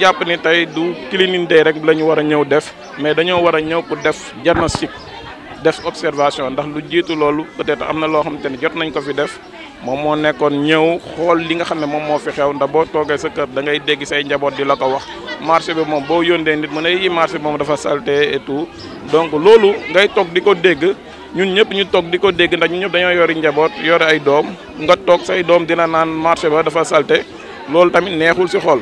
jàpp ni tey du cleaning day rek la ñu war a ñëw def mais dañoo war a ñëw ku def diagnostic def observation ndax lu jiitu loolu peut-être am na loo xamante ne jot nañ ko fi def moom moo nekkoon ñëw xool li nga xam ne moom moo fi xew ndax boo toogee sa kër da ngay dégg say njaboot di la ko wax marché bi moom boo yóndee nit mu ne yi bi moom dafa salté et tout donc loolu ngay toog di ko dégg ñun ñëpp ñu toog di ko dégg ndax ñun ñëpp dañoo yori njaboot yore ay doom nga toog say doom dina naan marché ba dafa salté loolu tamit neexul ci xol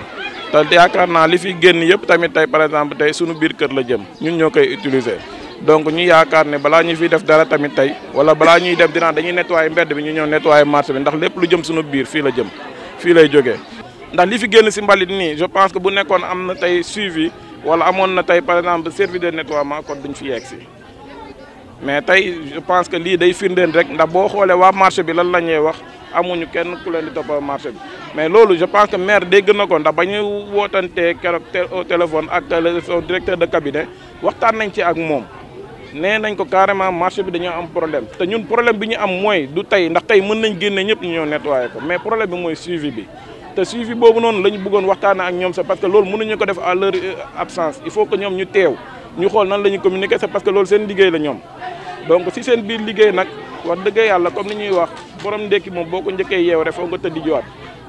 te yaakaar naa li fi génn yëpp tamit tey par exemple tey sunu biir kër la jëm ñun ñoo koy utiliser donc ñu yaakaar ne balaa ñu fiy def dara tamit tey wala balaa ñuy def dinaa dañuy nettoyer mbedd bi ñu ñëw nettoyer marché bi ndax lép lu jëm sunu biir fii la jëm fii lay jógee ndax li fi génn si mbalit nii je pense que bu nekkoon am na tey suivi wala amoon na tey par exemple service de nettoiement kon duñ fi yegg si mais tey je pense que lii day firndeen rek ndax boo xoolee waa marché bi lan la ñuy wax amuñu kenn ku leen di toppal marché bi mais loolu je pense que maire dégg na ko ndax ba ñu wootantee keroog au ak le son directeur de waxtaan nañ ci ak moom nee nañ ko carrément marché bi dañoo am problème te ñun problème bi ñu am mooy du tey ndax tey mën nañ génne ñëpp ñu ñëw nettoyé ko mais problème bi mooy suivi bi te suivi boobu noonu la ñu bëggoon waxtaana ak ñoom sax parce que loolu mënuñu ko def à leur euh, absence il faut que ñoom ñu teew que loolu seen liggéey la ñoom biir liggéey nag wax yàlla comme ni ñuy wax borom ndékki moom boo ko njëkkee yeew rek foog nga tëddi jiwaat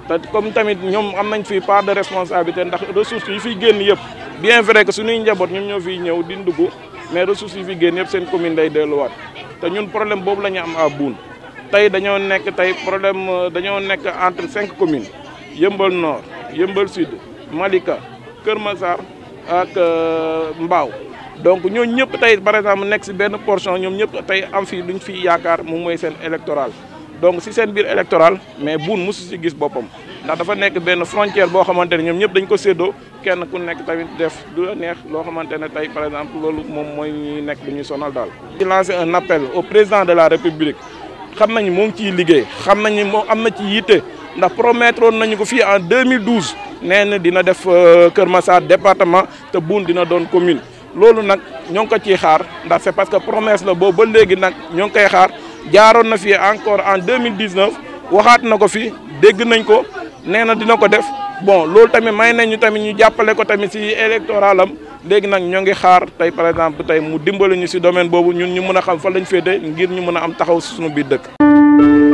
te comme tamit ñoom am nañ fii part de responsabilité ndax ressources yi fiy génn yëpp bien vrai que suñuy njaboot ñoom ñoo fiy ñëw di dugg mais ressources yi fiy génn yëpp seen commune day delluwaat ñun problème boobu la am à Boune tey dañoo nekk tey problème euh, dañoo nekk entre cinq communes Yëmbal Nord Yëmbal Sud Malika Kër Massar ak euh, Mbao donc ñooñu ñëpp tey par exemple nekk si benn portion ñoom ñëpp tey am fii luñ fi yaakaar moom mooy seen électoral donc si seen biir électoral mais buun mosu si gis boppam ndax dafa nekk benn frontière boo xamante ne ñoom ñëpp dañ ko séddoo kenn ku nekk tamit def du la neex loo xamante ne tey par exemple loolu moom mooy ñuy nekk du ñuy sonal daal. di lancer un appel au président de la république xam nañu moo ngi ciy liggéey xam nañu moom am na ci yitte ndax promettroon nañu ko fii en 2012 nee na dina def euh, Kër Massar département te buun dina doon commune loolu nag ñoo ngi ko ciy xaar ndax c'est parce que promesse la boobu ba léegi nag ñoo ngi koy xaar. jaaroon na fi encore en 2019 waxaat na ko fi dégg nañ ko nee na dina ko def bon loolu tamit may nañ ñu tamit ñu jàppale ko tamit si électoral léegi nag ñoo ngi xaar tey par exemple tey mu dimbali ñu si domaine boobu ñun ñu mën a xam fa lañ féete ngir ñu mën a am taxaw si suñu biir dëkk.